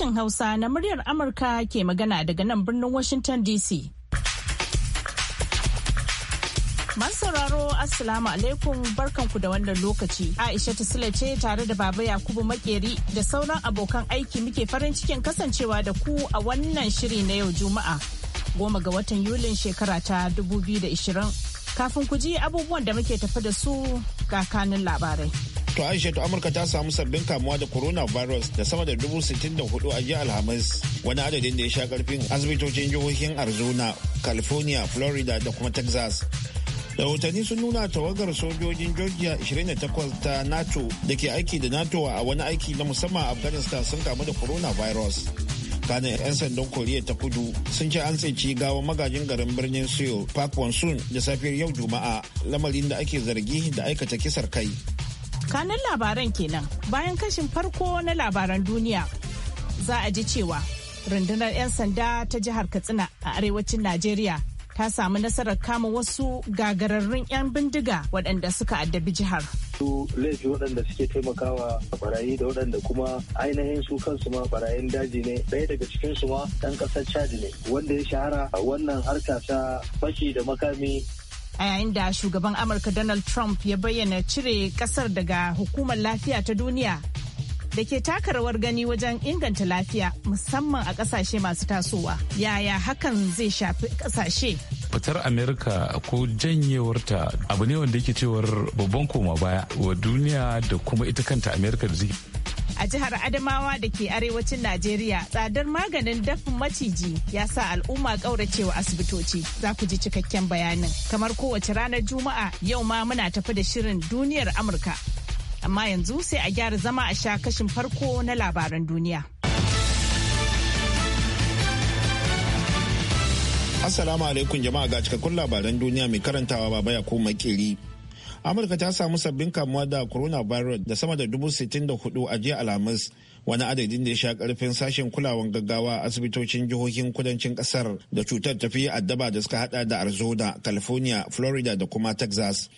sashen Hausa na muryar Amurka ke magana daga nan birnin Washington DC. man sauraro Assalamu alaikum barkanku da wannan lokaci. Aisha Sule ce tare da Baba Yakubu Makeri da sauran abokan aiki muke farin cikin kasancewa da ku a wannan shiri na yau Juma'a. Goma ga watan Yulin shekara ta 2020. Kafin ku ji abubuwan da muke tafi da su ga kanin labarai. To Aisha to Amurka ta samu sabbin kamuwa da Corona Virus da sama da dubu sittin da hudu a jiya Alhamis wani adadin da ya sha karfin asibitocin jihohin Arizona, California, Florida da kuma Texas. rahotanni sun nuna tawagar sojojin georgia 28 ta nato da ke aiki da nato a wani aiki na musamman afghanistan sun kamu da Corona Virus kanin 'yan sandan koriya ta kudu sun ce an tsinci gawa magajin garin birnin seoul park Won-sun da safiyar yau juma'a lamarin da ake zargi da aikata kisar kai Kanan labaran kenan bayan kashin farko na labaran duniya za a ji cewa rundunar 'yan sanda ta jihar Katsina a arewacin Najeriya ta samu nasarar kama wasu gagararrun 'yan bindiga waɗanda suka addabi jihar. su laifi waɗanda suke taimakawa barayi da waɗanda kuma ainihin su kansu ma barayin daji ne ɗaya daga cikin su ma ɗan ƙasar chad ne wanda ya shahara a wannan harka ta fashi da makami a yayin da shugaban amurka donald trump ya bayyana cire kasar daga hukumar lafiya ta duniya da ke taka rawar gani wajen inganta lafiya musamman a kasashe masu tasowa yaya hakan zai shafi kasashe fitar amerika ko janyewarta abu ne wanda yake cewar babban koma baya wa duniya da kuma ita kanta amerika da a jihar Adamawa da ke arewacin Najeriya tsadar maganin dafin maciji ya sa al'umma ƙauracewa asibitoci. Za ku ji cikakken bayanin. Kamar kowace ranar Juma'a yau ma muna tafi da shirin duniyar Amurka. Amma yanzu sai a gyara zama a sha kashin farko na labaran duniya. Assalamu alaikum jama'a ga cikakkun labaran duniya mai karantawa baba ya ko makiri amurka ta samu sabbin kamuwa da corona virus da sama da dubu sittin da hudu a jiya alhamis wani adadin da ya sha karfin sashen kulawan gaggawa asibitocin jihohin kudancin kasar da cutar ta fi addaba da suka hada da arizona california florida da kuma texas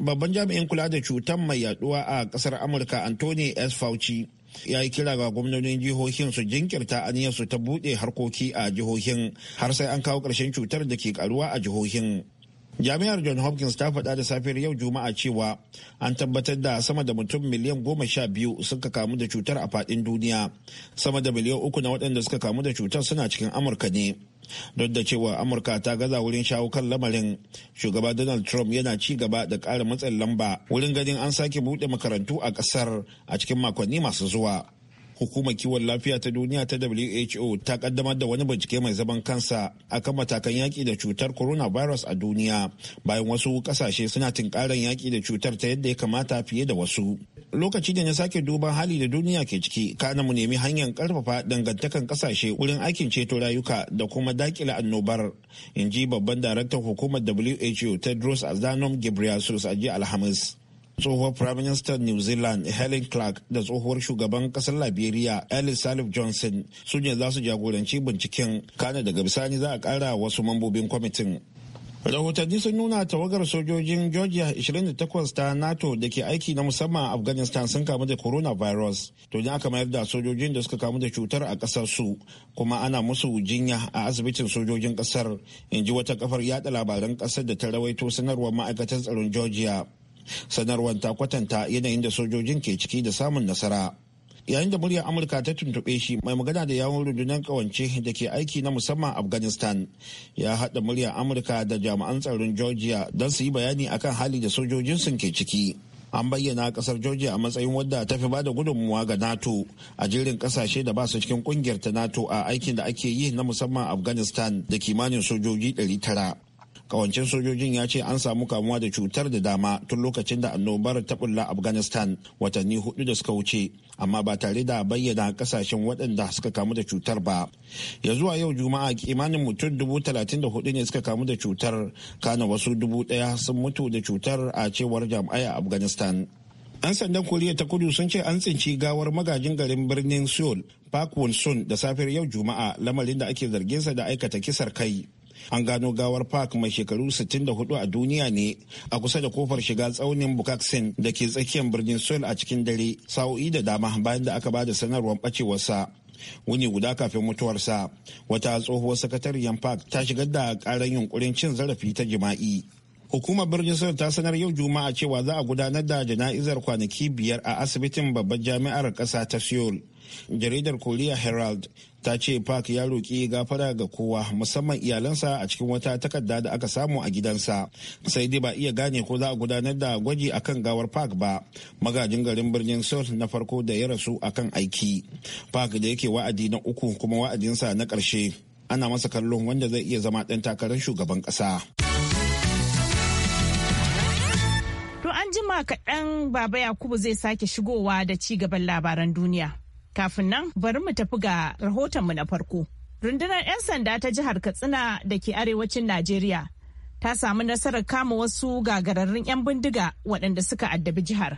babban jami'in kula da cutar mai yaduwa a kasar amurka anthony s fauci ya yi kira ga gwamnonin jihohin su jinkirta aniyar su ta buɗe harkoki a jihohin har sai an kawo karshen cutar da ke karuwa a jihohin jami'ar john hopkins ta faɗa da safiyar yau juma'a cewa an tabbatar da sama da mutum miliyan goma sha biyu suka kamu da cutar a faɗin duniya sama da miliyan uku na waɗanda suka kamu da cutar suna cikin amurka ne duk da cewa amurka ta gaza wurin shawo kan lamarin shugaba donald trump yana ci gaba da ƙara matsin lamba wurin ganin an sake buɗe makarantu a ƙasar a cikin makonni masu zuwa hukumar kiwon lafiya ta duniya ta who ta kaddamar da wani bincike mai zaman kansa akan matakan yaƙi da cutar coronavirus a duniya bayan wasu kasashe suna tunkarar yaki da cutar ta yadda ya kamata fiye da wasu lokaci da na sake duban hali da duniya ke ciki kana mu nemi hanyar karfafa dangantakan kasashe wurin aikin ceto rayuka da kuma dakila annobar in ji babban daraktan hukumar who tedros adhanom ghebreyesus a jiya alhamis tsohuwar firaministan new zealand helen clark da tsohuwar shugaban kasar liberia alice salif johnson su ne za su jagoranci binciken kana daga bisani za a kara wasu mambobin kwamitin rahotanni sun nuna tawagar sojojin georgia 28 ta nato da ke aiki na musamman afghanistan sun kamu da coronavirus to ne aka mayar da sojojin da suka kamu da cutar a kasar su kuma ana musu jinya a asibitin sojojin kasar in ji wata kafar yada labaran kasar da ta rawaito sanarwar ma'aikatan tsaron georgia sanarwar ta kwatanta yanayin da sojojin ke ciki da samun nasara yayin da muryar amurka ta tuntuɓe shi mai magana da yawon rundunar kawance da ke aiki na musamman afghanistan ya haɗa muryar amurka da jami'an tsaron georgia don su yi bayani akan hali da sojojin sun ke ciki an bayyana kasar georgia a matsayin wadda ta fi bada gudunmuwa ga nato a jerin kasashe da ba su cikin kungiyar ta nato a aikin da ake yi na musamman afghanistan da kimanin sojoji kawancin sojojin ya ce an samu kamuwa da cutar da dama tun lokacin da annobar ta bulla afghanistan watanni hudu da suka wuce amma ba tare da bayyana kasashen waɗanda suka kamu da cutar ba ya zuwa yau juma'a kimanin mutum dubu talatin da hudu ne suka kamu da cutar kana wasu dubu ɗaya sun mutu da cutar a cewar jam'ai a afghanistan 'yan sandan koriya ta kudu sun ce an tsinci gawar magajin garin birnin seoul park won sun da safiyar yau juma'a lamarin da ake zargin sa da aikata kisar kai an gano gawar park mai shekaru 64 a duniya ne a kusa da kofar shiga tsaunin bukaksin da ke tsakiyar birnin seoul a cikin dare sa'o'i da dama bayan da aka ba da sanarwar bacewarsa wuni guda kafin mutuwarsa wata tsohuwar sakatariyar park ta shigar da karan yunkurin cin zarafi ta jima'i hukumar birnin seoul ta sanar yau juma'a cewa za a gudanar da jana'izar kwanaki biyar a asibitin babbar jami'ar ƙasa ta seoul jaridar korea herald ta ce park ya roƙi gafara ga kowa musamman iyalansa a cikin wata takarda da aka samu a gidansa sai dai ba iya gane ko za a gudanar da gwaji akan gawar park ba magajin garin birnin seoul na farko da ya rasu akan aiki park da yake wa'adi na uku kuma wa'adinsa na karshe ana masa kallon wanda zai iya zama ɗan takarar shugaban ƙasa. To an jima kaɗan Baba Yakubu zai sake shigowa da ci gaban labaran duniya. Kafin nan bari mu tafi ga rahotonmu na farko. Rundunar 'yan sanda ta jihar Katsina da ke arewacin Najeriya ta samu nasarar kama wasu gagararrun 'yan bindiga waɗanda suka addabi jihar.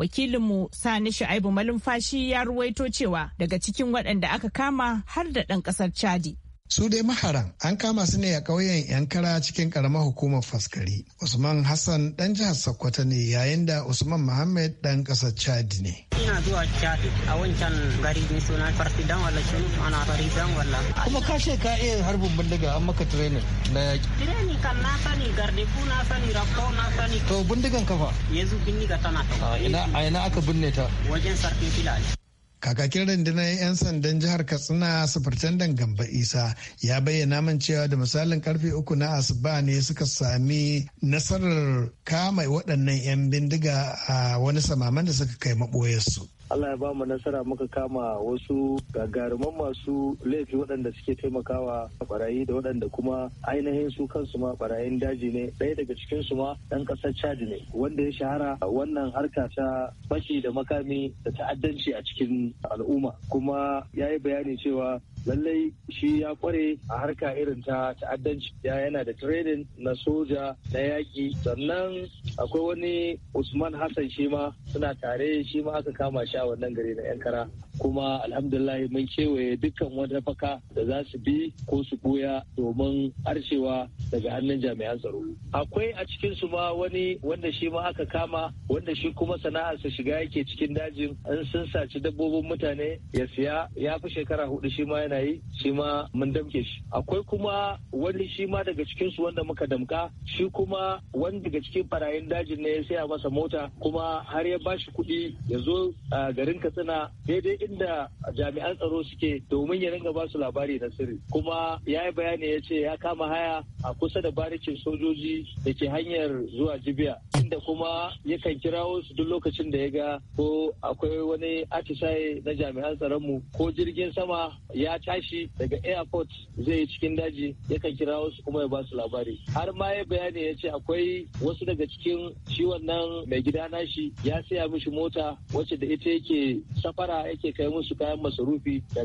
wakilinmu sani Shu'aibu malumfashi ya ruwaito cewa daga cikin waɗanda aka kama har da ɗan ƙasar chadi Su dai maharan an kama su ne a ƙauyen Yankara cikin ƙaramar hukumar Faskari. Usman Hassan ɗan jihar Sokoto ne yayin da Usman Muhammad ɗan ƙasar Chad ne. Ina zuwa Chad a wancan gari ne suna Farfidan wala shi ana Dan wala. Kuma ka ce ka iya harbin bindiga an maka training na yaƙi. Training kan na sani gardeku na sani rakko na sani. To bindigan kafa. Yanzu bindiga tana. A ina aka binne ta. Wajen sarkin filaye. kakakin rundunar 'yan sandan jihar katsina sufurtandan gamba isa ya bayyana man cewa da misalin karfe uku na asuba ne suka sami nasarar kama waɗannan 'yan bindiga a wani samaman da suka kai maɓoyarsu Allah ya ba mu nasara muka kama wasu gagaruman masu laifi waɗanda suke taimakawa barayi da waɗanda kuma ainihin su kansu ma barayin daji ne ɗaya daga cikin su ma ɗan ƙasar Chad ne wanda ya shahara wannan harka ta fashi da makami da ta'addanci a cikin al'umma kuma ya yi bayani cewa lallai shi ya kware a harka irin ta ta'addanci ya yana da training na soja na yaƙi sannan akwai wani usman hassan shi ma suna tare shi ma aka kama shi a wannan gari na yankara kuma alhamdulillah mun kewaye dukkan wata faka da za su bi ko su buya domin arcewa daga hannun jami'an tsaro akwai a cikin su ma wani wanda shi ma aka kama wanda shi kuma sana'arsa shiga yake cikin dajin an sun saci dabbobin mutane ya siya ya fi shekara hudu shi ma yana yi shi ma mun damke shi akwai kuma wani shi ma daga cikin su wanda muka damka shi kuma wani daga cikin barayin dajin ne ya saya masa mota kuma har ya ba shi kuɗi ya zo a garin katsina daidai inda jami'an tsaro suke domin ya ringa ba su labari na sirri kuma ya yi bayani ya ce ya kama haya a kusa da barikin sojoji da ke hanyar zuwa jibiya inda kuma yakan kira wasu duk lokacin da ya ga ko akwai wani atisaye na jami'an tsaronmu ko jirgin sama ya tashi daga airport zai yi cikin daji yakan kira wasu kuma ya ba su labari har ma ya bayani ya ce akwai wasu daga cikin shi wannan mai gida nashi ya saya mishi mota wacce da ita yake safara yake kai musu kayan masarufi da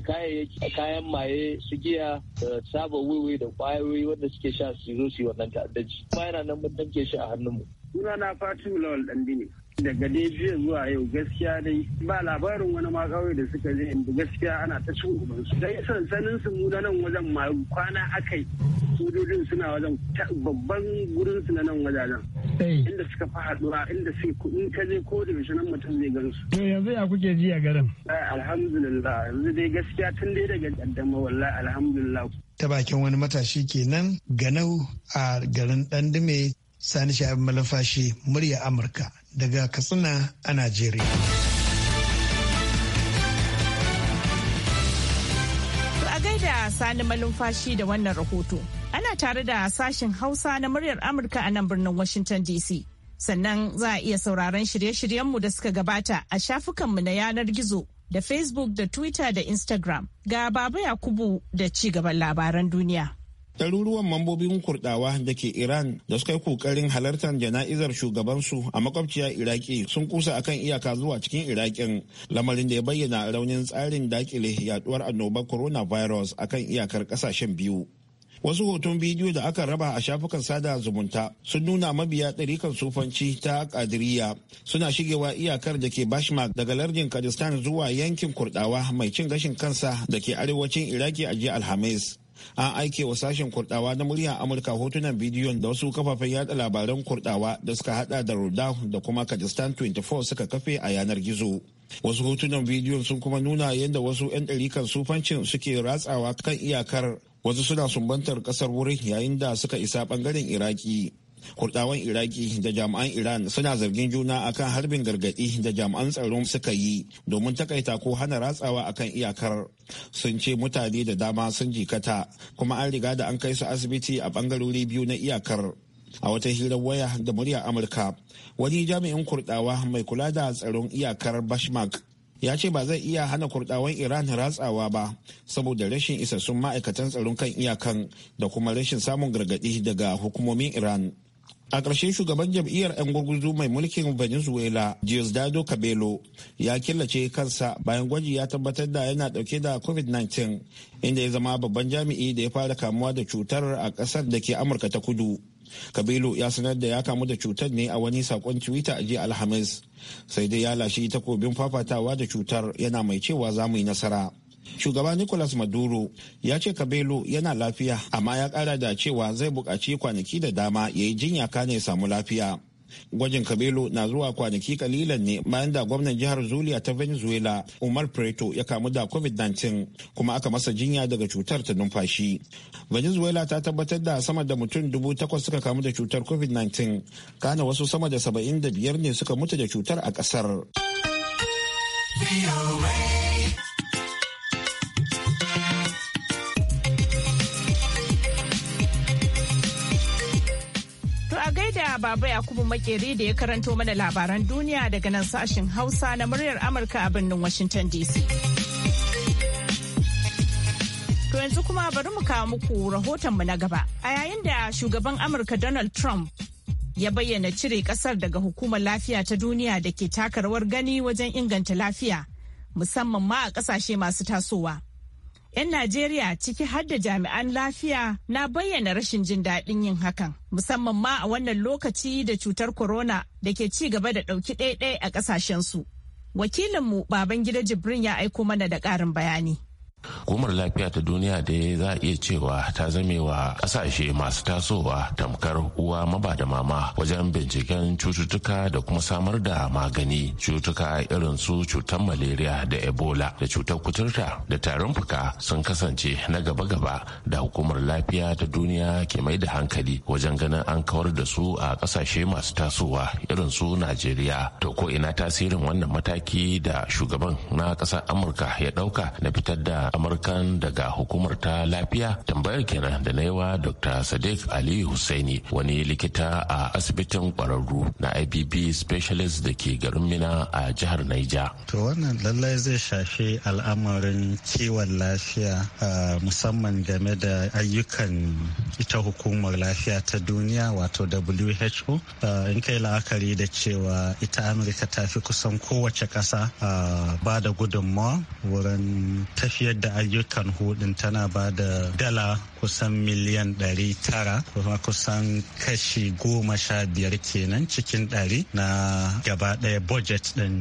kayan maye su giya da saba wiwi da kwayoyi wanda suke sha su zo su yi wannan ta'addanci ba yana nan mun danke shi a hannunmu. Suna na Fatu Lawal Dandini. Daga dai jiya zuwa yau gaskiya dai ba labarin wani ma kawai da suka je inda gaskiya ana ta cin ubansu. Dai sansanin su mu nan wajen ma kwana akai sojojin suna wajen babban gurin su na nan wajajen. Eh. Inda suka fi haɗuwa inda su kuɗin ka je ko da yaushe nan mutum zai gan su. To yanzu ya kuke ji a garin? Eh, alhamdulillah yanzu dai gaskiya tun dai daga ƙaddama wallahi alhamdulillah ta bakin wani matashi kenan ganau a garin dandume sani sha'ib malafashi murya amurka daga katsina a najeriya gaida sani malumfashi da wannan rahoto ana tare da sashen hausa na muryar amurka a nan birnin washington dc sannan za a iya sauraron shirye-shiryenmu da suka gabata a shafukanmu na yanar gizo da Facebook da Twitter da Instagram. Ga Baba Yakubu da ci gaban labaran duniya. Ɗaruruwan mambobin kurɗawa da ke Iran da suka yi kokarin halartar jana'izar shugabansu a makwabciya Iraki sun kusa akan iyaka zuwa cikin Irakin lamarin da ya bayyana raunin tsarin dakile yaduwar annobar coronavirus akan iyakar ƙasashen biyu. wasu hoton bidiyo da aka raba a shafukan sada zumunta sun nuna mabiya ɗarikan sufanci ta kadiriya suna shigewa iyakar da ke bashma daga lardin kajistan zuwa yankin kurdawa mai cin gashin kansa da ke arewacin iraki a jiya alhamis an aike wa sashen kurdawa na murya amurka hotunan bidiyon da wasu kafafen yada labaran kurdawa da suka hada da rodau da kuma kajistan 24 suka kafe a yanar gizo wasu hotunan bidiyon sun kuma nuna yadda wasu 'yan ɗarikan sufancin suke ratsawa kan iyakar wasu suna sumbantar ƙasar wurin yayin da suka isa ɓangaren iraki kurdawan iraki da jami'an iran suna zargin juna akan harbin gargadi da jami'an tsaron suka yi domin takaita ko hana ratsawa akan iyakar sun ce mutane da dama sun jikata kuma an riga da an kai su asibiti a bangarori biyu na iyakar a wata hirar waya da murya amurka wani jami'in kurdawa mai kula da tsaron iyakar bashmak ya ce ba zai iya hana kurdawan iran ratsawa ba saboda rashin isassun ma'aikatan tsaron kan iyakan da kuma rashin samun gargaɗi daga hukumomin iran a ƙarshe shugaban jam'iyyar 'yan gurguzu mai mulkin venezuela diosdado cabello ya killace kansa bayan gwaji ya tabbatar da yana ɗauke da covid-19 inda ya zama babban jami'i da ya fara kamuwa da cutar a ƙasar da ke amurka ta kudu kabilu ya sanar da ya kamu da cutar ne a wani sakon twitter a jiya alhamis sai dai ya lashe takobin fafatawa da cutar yana mai cewa za mu yi nasara shugaba nicolas maduro ya ce kabelo yana lafiya amma ya kara da cewa zai buƙaci kwanaki da dama ya yi jinya kane samu lafiya Gwajin Kabelo na zuwa kwanaki kalilan ne bayan da gwamnan jihar Zulia ta Venezuela Umar Preto ya kamu da COVID-19 kuma aka masa jinya daga cutar ta numfashi. Venezuela ta tabbatar da sama da mutum dubu takwas suka kamu da cutar COVID-19 kana wasu sama da saba'in da biyar ne suka mutu da cutar a ƙasar. Baba kuma Makeri da ya karanto mana labaran duniya daga nan sashen Hausa na muryar Amurka a birnin Washington DC. To yanzu kuma bari mu kawo muku rahotonmu na gaba. A yayin da shugaban Amurka Donald Trump ya bayyana cire kasar daga hukumar lafiya ta duniya da ke taka rawar gani wajen inganta lafiya, musamman ma a kasashe masu tasowa. 'Yan Najeriya ciki har da jami'an lafiya na bayyana rashin jin daɗin yin hakan, musamman ma a wannan lokaci da cutar corona da ke ci gaba da ɗauki ɗaiɗai a ƙasashensu. Wakilinmu Babangida Jibrin ya aiko mana da ƙarin bayani. hukumar lafiya ta duniya da za a iya cewa ta zame wa kasashe masu tasowa tamkar uwa maba da mama wajen binciken cututtuka da kuma samar da magani cututtuka irin su cutar malaria da ebola da cutar kuturta da tarin fuka sun kasance na gaba-gaba da hukumar lafiya ta duniya ke mai da hankali wajen ganin an kawar da su a kasashe masu tasowa irin su najeriya to ko ina tasirin wannan mataki da shugaban na ƙasar amurka ya ɗauka na fitar da amurka daga hukumar ta lafiya tambayar kenan da na yawa dr sadiq ali husaini wani likita a asibitin kwararru na ibb specialist da ke garin mina a jihar naija to wannan lallai zai shafi al'amarin kiwon lafiya musamman game da ayyukan ita hukumar lafiya ta duniya wato who in kai la'akari da cewa ita amurka ta fi kusan kowace ƙasa ba da gudunmawa wurin tafiyar da ayyukan hudun tana ba da dala kusan miliyan ɗari tara kuma kusan kashi goma sha biyar kenan cikin ɗari na gaba daya budget ɗin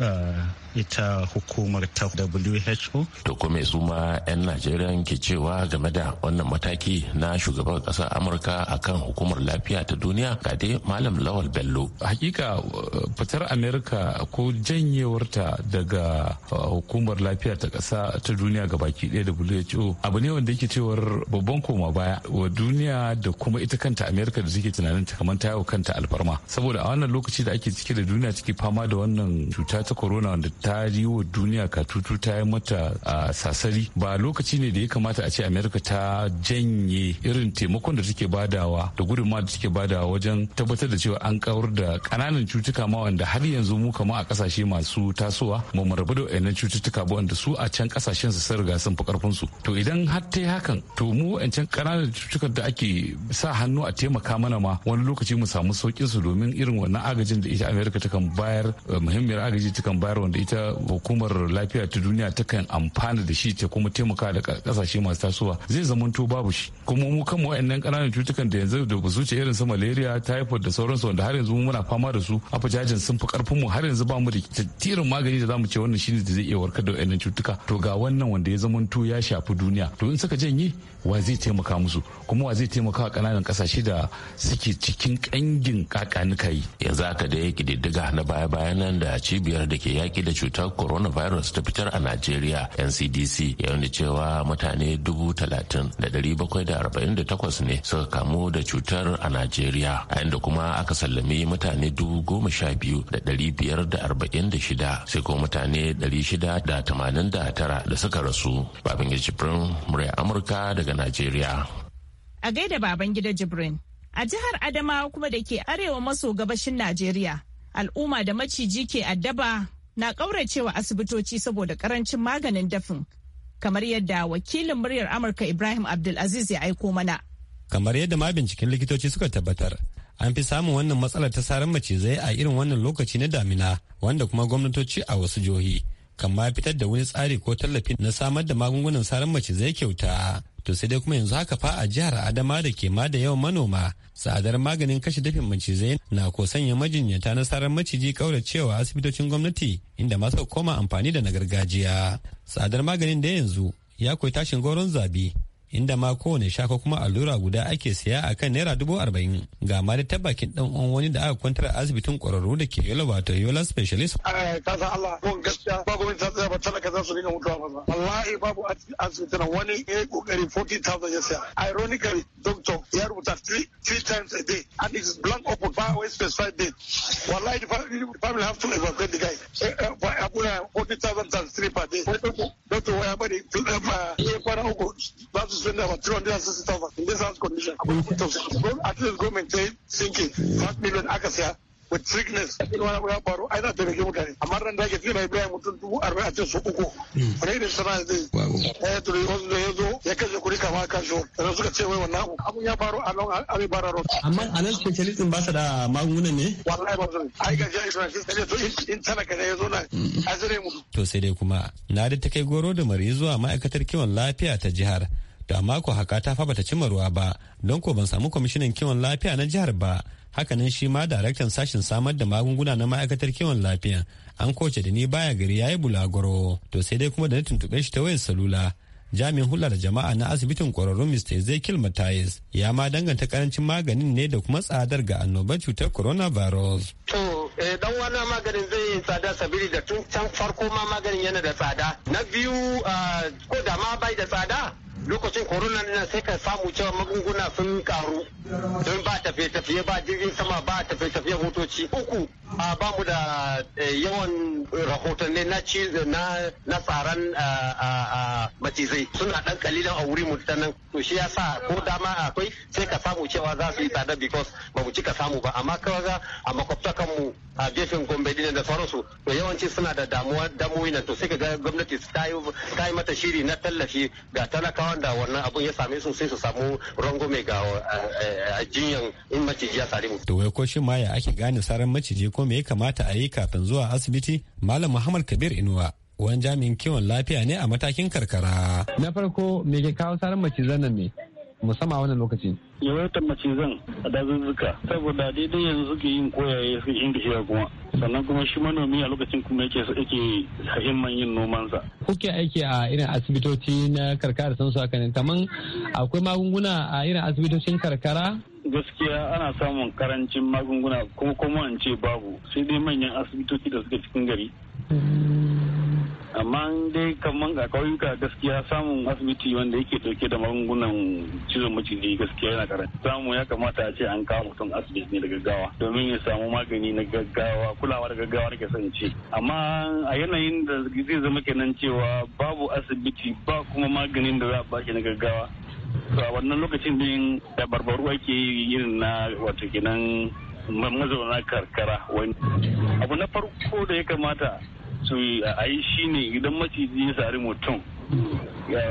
eh, ita hukumar ta WHO. To kuma su ma 'yan Najeriya ke cewa game da wannan mataki na shugaban ƙasar Amurka akan hukumar lafiya ta duniya ga dai Malam Lawal Bello. Hakika eh, fitar Amerika ko janyewarta daga eh, hukumar lafiya ta kasa ta duniya ga baki ɗaya WHO abu ne wanda yake cewar babban koma baya wa duniya da kuma ita kanta amerika da suke tunanin ta kamar ta kanta alfarma saboda a wannan lokaci da ake ciki da duniya ciki fama da wannan cuta ta corona wanda ta yi wa duniya katutu ta yi mata a sasari ba lokaci ne da ya kamata a ce amerika ta janye irin taimakon da take badawa da gudunma da suke badawa wajen tabbatar da cewa an kawar da kananan cutuka ma wanda har yanzu mu kama a kasashe masu tasowa mu rabu da wayannan cututtuka ba wanda su a can kasashen su sun riga sun fi karfin su to idan har ta yi hakan to mu wa'ancan ƙananan cututtukan da ake sa hannu a taimaka mana ma wani lokaci mu samu sauƙin su domin irin wannan agajin da ita amerika kan bayar eh, muhimmiyar agaji ta kan bayar wanda ita hukumar lafiya ta duniya ta kan amfana da shi ta kuma taimaka da ƙasashe masu tasowa zai zamanto babu shi kuma mu kan wa'annan ƙananan cututtukan da yanzu da su ce irin su malaria typhoid da sauransu wanda har yanzu muna fama da su afajajin sun fi karfin mu har yanzu ba mu da tattirin magani da zamu ce wannan shine da zai iya warkar da wa'annan cutuka to ga wannan wanda ya zamanto ya shafi duniya to in suka janye wa zai taimaka musu kuma wa zai taimaka kananan kasashe da suke cikin kangin kakanuka yi yanzu haka da ya kididdiga na baya bayan nan da cibiyar da ke yaki da cutar coronavirus ta fitar a najeriya ncdc ya yi cewa mutane dubu talatin da dari bakwai da arba'in da takwas ne suka kamu da cutar a najeriya a inda kuma aka sallami mutane dubu goma sha biyu da dari biyar da arba'in da shida sai ko mutane dari shida da tamanin da tara da suka rasu babin ya murya amurka daga daga Najeriya. A gaida baban gida Jibrin, a jihar Adamawa kuma da ke arewa maso gabashin Najeriya, al'umma da maciji ke addaba na ƙauracewa asibitoci saboda ƙarancin maganin dafin, kamar yadda wakilin muryar Amurka Ibrahim Abdulaziz ya aiko mana. Kamar yadda ma binciken likitoci suka tabbatar, an fi samun wannan matsalar ta saran macizai a irin wannan lokaci na damina wanda kuma gwamnatoci a wasu jihohi kan ma fitar da wani tsari ko tallafi na samar da magungunan saran macizai kyauta to sai dai kuma yanzu haka fa a jihar adama da ke ma da yawan manoma tsadar maganin kashe dafin macizai na ko sanya majinyata na sarar maciji cewa asibitocin gwamnati inda masu koma amfani da na gargajiya tsadar maganin da yanzu ya koyi tashin goron zabi inda ma kowane shaka kuma allura guda ake siya a kan naira dubu arba'in ga ma da tabbakin dan uwan wani da aka kwantar asibitin kwararru da ke yola wato yola specialist. ka san Allah ko gaskiya babu wani tsaya ba talaka za su dinga mutuwa ba wallahi babu asibitin wani ya yi kokari 40,000 ya siya ironically doctor ya rubuta three times a day and it is blank open ba wai specified date wallahi the family have to evacuate the guy abuya eh, eh, 40,000 times three per day doctor waya bari eh, ya kwana uku spend about 260,000 in this house condition. at least go maintain sinking 5 million aka here. with sickness wani ya faru taimake mutane amma ran da ake fi mai mutum dubu arba'in a ce su uku wani irin sana'a zai ya turi wasu da ya zo ya kashe kama kashe suka ce wai wannan abun a nan abin bara amma a nan specialist ba in ne ya a zire to sai kuma na da ta kai goro da mari zuwa ma'aikatar kiwon lafiya ta jihar da mako haka ta fa bata cimma ruwa ba don ko ban samu kwamishinan kiwon lafiya na jihar ba hakanan shi ma daraktan sashen samar da magunguna na ma'aikatar kiwon lafiya an koce da ni baya gari yayi bulagoro to sai dai kuma da na tuntube shi ta wayar salula jami'in hula da jama'a na asibitin kwararrun mr ezekiel matthias ya ma danganta karancin maganin ne da kuma tsadar ga annobar cutar coronavirus to eh, dan wani maganin zai yi tsada sabili da tun can farko ma maganin yana da tsada na biyu ah, ko da ma bai da tsada lokacin korona nan sai ka samu cewa magunguna sun karu don ba tafiye-tafiye ba jirgin sama ba tafiye-tafiye motoci uku a ba mu da eh, yawan rahotanni na na na tsaron eh, eh, macizai suna dan kalilan a wuri mu ta nan to shi yasa ko dama akwai sai ka samu cewa za su yi tsada because ba mu ka samu ba amma kaga a makwabta kanmu a gefen gombe din da sauransu to yawanci suna da damuwa damuwa nan to sai ka ga gwamnati ta yi mata shiri na tallafi ga talakawan da wannan abun ya same su sai su samu rango mai ga jinyan in maciji ya sare mu to wai ko shi ma ya ake gane saran maciji ko ko me ya kamata a yi kafin zuwa asibiti malam muhammad kabir inuwa wani jami'in kiwon lafiya ne a matakin karkara na farko me ke kawo sarar macizan nan ne musamman a wannan lokaci yawaitar macizan a dazuzzuka saboda daidai yanzu suke yin koyaye su inda shi kuma sannan kuma shi manomi a lokacin kuma yake yake hahimman yin nomansa kuke aiki a irin asibitoci na karkara sun haka ne kaman akwai magunguna a irin asibitocin karkara gaskiya ana samun karancin magunguna ko kuma in ce babu sai dai manyan asibitoci da suke cikin gari amma dai kamar a kauyuka gaskiya samun asibiti wanda yake dauke da magungunan cizon maciji gaskiya yana karanta samu ya kamata a ce an kawo mutum asibiti ne da gaggawa domin ya samu magani na gaggawa kulawa da gaggawa da kasan ce amma a yanayin da zai zama kenan cewa babu asibiti ba kuma maganin da za a baki na gaggawa a wannan lokacin din da barbaru ake yin na wato kenan mazauna karkara wani abu na farko da ya kamata su a yi ne idan maciji ya sari mutum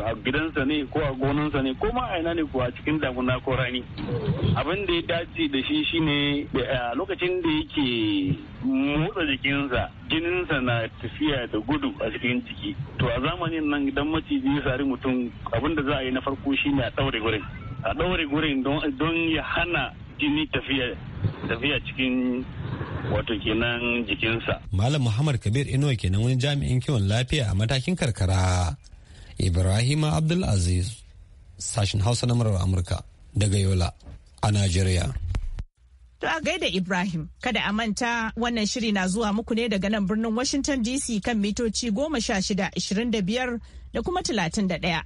a gidansa ne ko a gonansa ne ko ma aina ne a cikin damuna ko rani abin da ya dace da shi shine eh, a lokacin da yake motsa jikinsa jininsa na tafiya da gudu a cikin jiki to a zamanin nan idan maciji ya sari mutum abin da za a yi na farko ne a ɗaure gurin a ɗaure gurin don ya hana jini tafiya tafiya cikin wato kenan jikinsa. Malam Muhammad Kabir Inuwa kenan wani jami'in kiwon lafiya a matakin karkara. Ibrahima Abdulaziz, sashen Hausa na murar Amurka daga Yola a nigeria. To a gaida Ibrahim, kada a manta wannan shiri na zuwa muku ne daga nan birnin Washington DC kan mitoci goma sha shida ashirin da biyar da kuma talatin da ɗaya.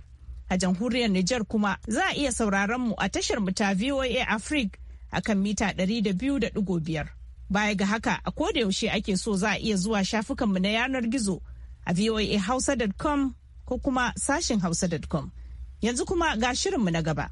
A jamhuriyar Nijar kuma za a iya sauraron mu a tashar mu ta VOA Africa a kan mita ɗari da biyu da ɗigo biyar. Baya ga haka a koda yaushe ake so za a iya zuwa shafukanmu na yanar gizo a voahausa.com ko kuma sashin hausa.com. Yanzu kuma ga shirinmu na gaba.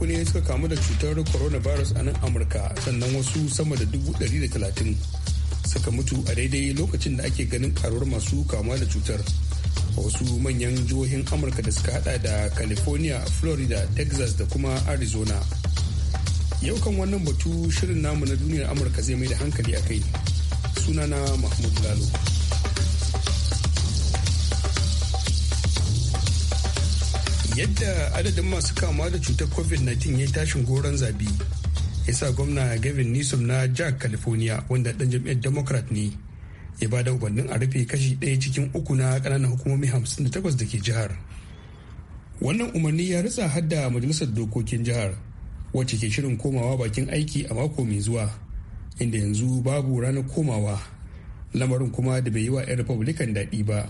uku ne suka kamu da cutar coronavirus a nan amurka sannan wasu sama da dubu ɗari da talatin suka mutu a daidai lokacin da ake ganin karuwar masu kamuwa da cutar a wasu manyan jihohin amurka da suka hada da california florida texas da kuma arizona yau kan wannan batu shirin namu na duniyar amurka zai mai da hankali a kai sunana mahmud lalo yadda adadin masu kama da cutar covid-19 ya tashin goron zabi ya sa gwamna gavin newsom na jihar california wanda dan jam'iyyar democrat ne ya ba da ubannin a rufe kashi ɗaya cikin uku na ƙananan hukumomi 58 da ke jihar wannan umarni ya ritsa hadda majalisar dokokin jihar wacce ke shirin komawa bakin aiki a mako mai zuwa inda yanzu babu ranar komawa lamarin kuma da bai yi wa 'yan republican daɗi ba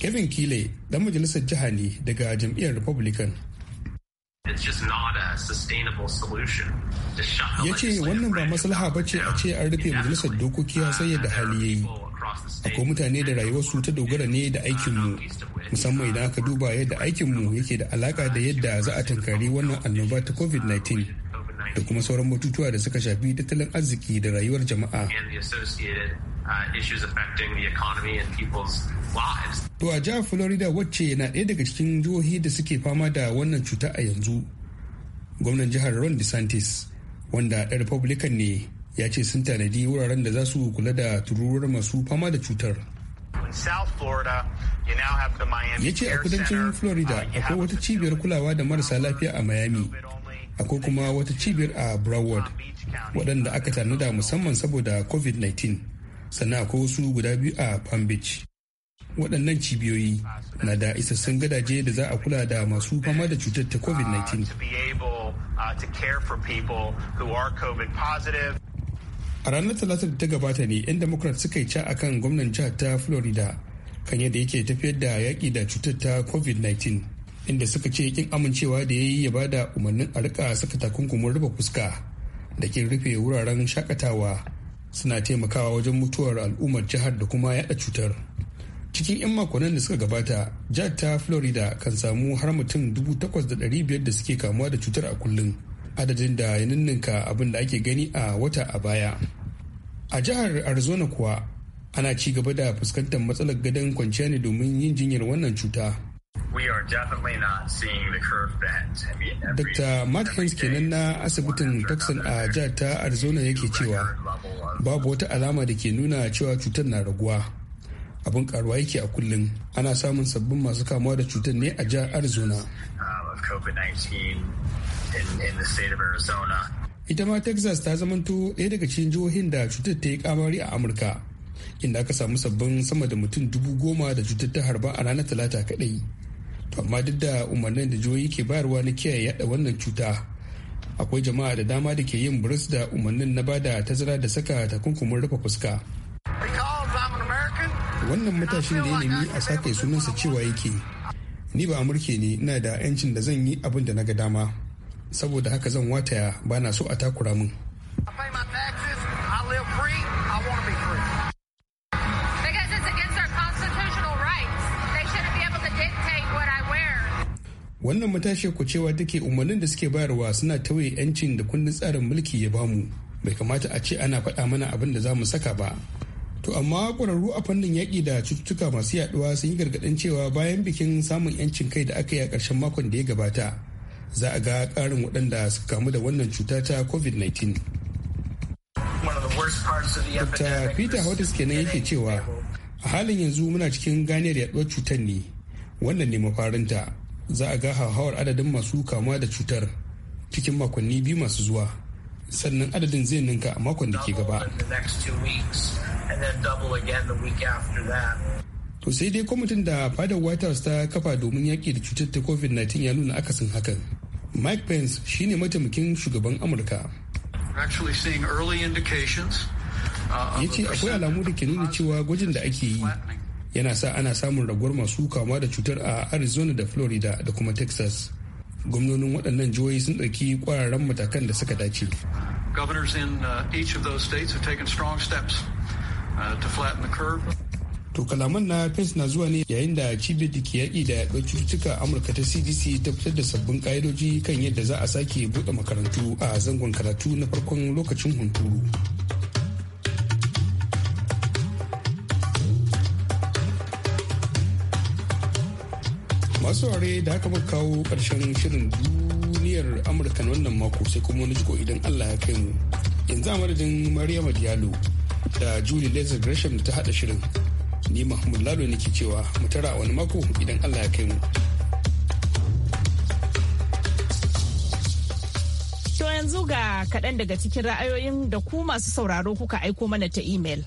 kevin kile dan majalisar jiha ne daga jam'iyyar republican ya ce wannan ba maslaha ba ce a ce an rufe majalisar dokoki a sai yadda hali ya yi akwai mutane da rayuwarsu ta dogara ne da aikinmu musamman idan aka duba yadda aikinmu yake da alaka da yadda za a tankari wannan annoba ta covid-19 da kuma sauran batutuwa da suka shafi tattalin arziki da rayuwar jama'a Uh, issues affecting the economy and people's lives. To a jihar Florida wacce na ɗaya daga cikin jihohi da suke fama da wannan cuta a yanzu. Gwamnan jihar Ron DeSantis wanda ɗan Republican ne ya ce sun tanadi wuraren da za su kula da tururuwar masu fama da cutar. Ya ce a kudancin Florida uh, akwai wata cibiyar kulawa da marasa lafiya a Miami. Akwai kuma wata cibiyar a Broward waɗanda aka tanada musamman saboda COVID-19. sannan akwai wasu guda biyu a palm beach waɗannan cibiyoyi na da isassun gadaje da za a kula da masu fama da cutar ta covid-19 uh, uh, a ranar talata da ta gabata ne 'yan democrat suka yi ca akan gwamnan jihar ta florida kan yadda yake tafiyar da yaƙi da cutar ta covid-19 inda suka ce kin amincewa da ya yi ya bada umarnin a rika saka takunkumin rufe fuska da kin rufe wuraren shakatawa suna taimakawa wajen mutuwar al'ummar jihar da kuma yada cutar cikin 'yan makonnin da suka gabata jihar ta florida kan samu har mutum 8,500 da suke kamuwa da cutar a kullum adadin da ya ninninka abin da ake gani a wata a baya a jihar arizona kuwa ana ci gaba da fuskantar matsalar gadon kwanciya ne domin yin jinyar wannan cuta Dr. Mark kenan na asibitin texan a jihar ta Arizona yake cewa babu wata alama da ke nuna cewa cutar na raguwa abin karuwa yake a kullum ana samun sabbin masu kamuwa da cutar ne a jihar arizona ita ma texas ta zamanto ɗaya daga cikin jihohin da cutar ta yi kamari a amurka inda aka samu sabbin sama da mutum dubu goma da cutar ta harba a ranar talata kaɗai to amma duk da umarnin da jihohi ke bayarwa na kiyaye yaɗa wannan cuta akwai jama'a da dama da ke yin burus da umarnin na bada tazara da saka takunkumin rufe fuska wannan matashin da ya nemi a sake sunansa cewa yake ni ba amurke ne ina da 'yancin da zan yi abin da na ga dama saboda haka zan wataya ba na so a takura min wannan matashi ku cewa take umarnin da suke bayarwa suna tauye 'yancin da kundin tsarin mulki ya bamu bai kamata a ce ana faɗa mana abin da za mu saka ba to amma ƙwararru a fannin yaƙi da cututtuka masu yaɗuwa sun yi gargaɗin cewa bayan bikin samun 'yancin kai da aka yi a ƙarshen makon da ya gabata za a ga ƙarin waɗanda suka kamu da wannan cuta ta covid-19 Dr. Peter Hottis kenan yake cewa a halin yanzu muna cikin ganiyar yaɗuwar cutar ne wannan ne mafarinta za a ga hauhawar adadin masu kamuwa da cutar cikin makonni biyu masu zuwa sannan adadin zai ninka a makon da ke gaba to sai dai kwamitin da fadar white house ta kafa domin yaƙi da cutar ta covid-19 ya nuna akasin hakan mike pence shine mataimakin shugaban amurka uh, ya ce akwai alamu da ke nuna cewa gwajin da ake yi yana sa ana samun raguwar masu kama da cutar a arizona da florida da kuma texas gwamnonin waɗannan jihohi sun ɗauki ƙwararren matakan da suka dace uh, uh, to kalaman na pence na zuwa ne yayin da cibiyar da ke yaƙi da yaɗuwar cututtuka amurka ta cdc ta fitar da sabbin ƙa'idoji kan yadda za a sake buɗe makarantu a zangon karatu na farkon lokacin hunturu masu ware da haka muka kawo ƙarshen shirin duniyar amurka na wannan mako sai kuma wani jiko idan allah ya kai mu yanzu a madadin maryama diallo da julie lazar gresham ta hada shirin ni mahmud lalo ke cewa mu tara wani mako idan allah ya kai mu To yanzu ga kaɗan daga cikin ra'ayoyin da ku masu sauraro kuka aiko mana ta imel.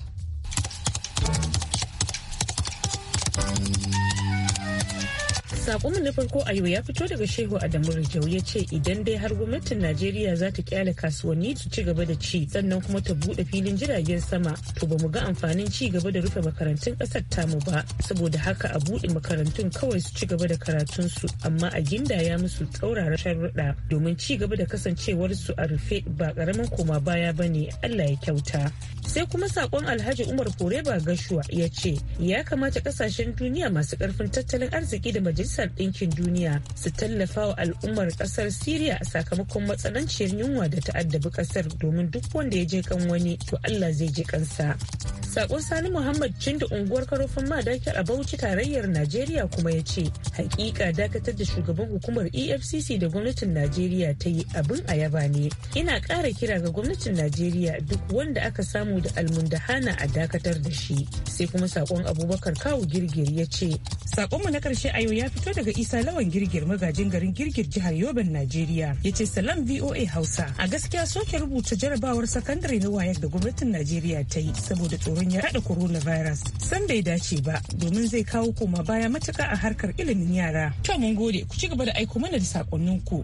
Sakonmu na farko a yau ya fito daga Shehu Adamu Rijau ya ce idan dai har gwamnatin Najeriya za ta kyale kasuwanni su ci gaba da ci sannan kuma ta bude filin jiragen sama to ba mu ga amfanin ci gaba da rufe makarantun kasar mu ba saboda haka a bude makarantun kawai su ci gaba da karatun su amma a ginda ya musu tsauraran sharuɗa domin ci gaba da kasancewar su a rufe ba karamin koma baya ba ne Allah ya kyauta. Sai kuma sakon Alhaji Umar Koreba Gashuwa ya ce ya kamata kasashen duniya masu karfin tattalin arziki da majalisar majalisar ɗinkin duniya su tallafa wa al'ummar ƙasar siriya a sakamakon matsananciyar yunwa da ta'addabi ƙasar domin duk wanda ya je kan wani to allah zai je kansa sakon sani muhammad da unguwar karofin madaki a bauchi tarayyar najeriya kuma ya ce hakika dakatar da shugaban hukumar efcc da gwamnatin najeriya ta yi abin a yaba ne ina ƙara kira ga gwamnatin najeriya duk wanda aka samu da almundahana a dakatar da shi sai kuma sakon abubakar kawu girgir ya ce sakonmu na ƙarshe a yau ya fi fito daga Isa Lawan Girgir magajin garin Girgir jihar Yoben Najeriya. Ya ce salam VOA Hausa. A gaskiya soke rubuta jarabawar sakandare na wayar da gwamnatin Najeriya ta yi saboda tsoron ya haɗa coronavirus. San bai dace ba domin zai kawo koma baya matuka a harkar ilimin yara. To mun gode ku ci gaba da aiko mana da ku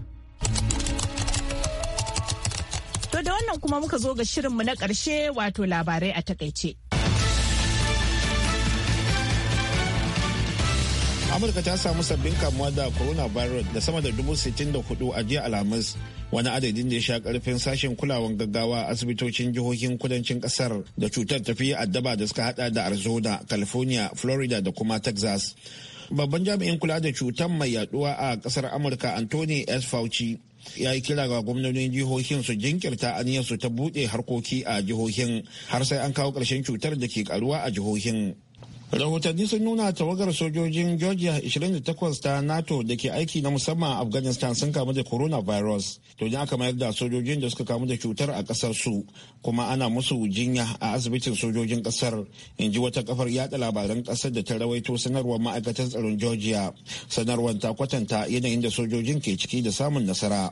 To da wannan kuma muka zo ga shirin mu na karshe wato labarai a takaice. amurka ta samu sabbin kamuwa da coronavirus da sama da dubu sittin da hudu a jiya alhamis wani adadin da ya sha karfin sashen kulawan gaggawa asibitocin jihohin kudancin kasar da cutar tafi addaba da suka hada da arizona california florida da kuma texas babban jami'in kula da cutar mai yaduwa a kasar amurka anthony s fauci ya yi kira ga gwamnonin jihohin su jinkirta aniyarsu ta buɗe harkoki a jihohin har sai an kawo karshen cutar da ke karuwa a jihohin rahotanni sun nuna tawagar sojojin georgia 28 ta nato da ke aiki na musamman a afghanistan sun kamu da coronavirus to ne aka mayar da sojojin da suka kamu da cutar a kasar su kuma ana musu jinya a asibitin sojojin kasar in ji wata kafar yada labaran kasar da ta rawaito sanarwar ma'aikatan tsaron georgia sanarwar ta kwatanta yanayin da sojojin ke ciki da samun nasara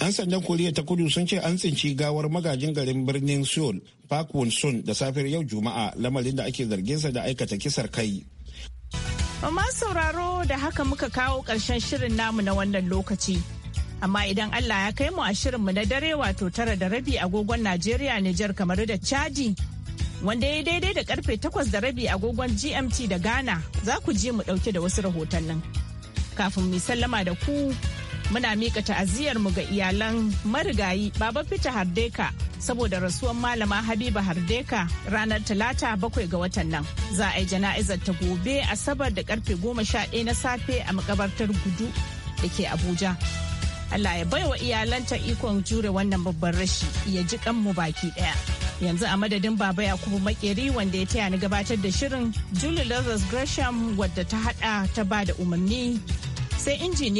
an sandan Koriya ta kudu sun ce an tsinci gawar magajin garin birnin Seoul, Park Won Sun da safiyar yau Juma'a lamarin da ake zargin sa da aikata kisar kai. amma sauraro da haka muka kawo karshen shirin namu na wannan lokaci. amma idan Allah ya kai mu a shirin mu na dare wato tara da rabi agogon Najeriya Nijar kamar da Chadi wanda ya daidai da karfe takwas da rabi agogon GMT da Ghana za ku ji mu dauke da wasu rahotannin. Kafin mu sallama da ku muna mika ta'aziyar mu ga iyalan marigayi baba fita hardeka saboda rasuwar malama habiba hardeka ranar talata bakwai ga watan nan za a yi jana'izar ta gobe asabar da karfe goma sha ɗaya na safe a makabartar gudu da ke abuja allah ya baiwa iyalanta ikon jure wannan babban rashi ya ji kanmu baki ɗaya yanzu a madadin baba yakubu makeri wanda ya taya ni gabatar da shirin julie lazarus gresham wadda ta hada ta ba da umarni sai injiniya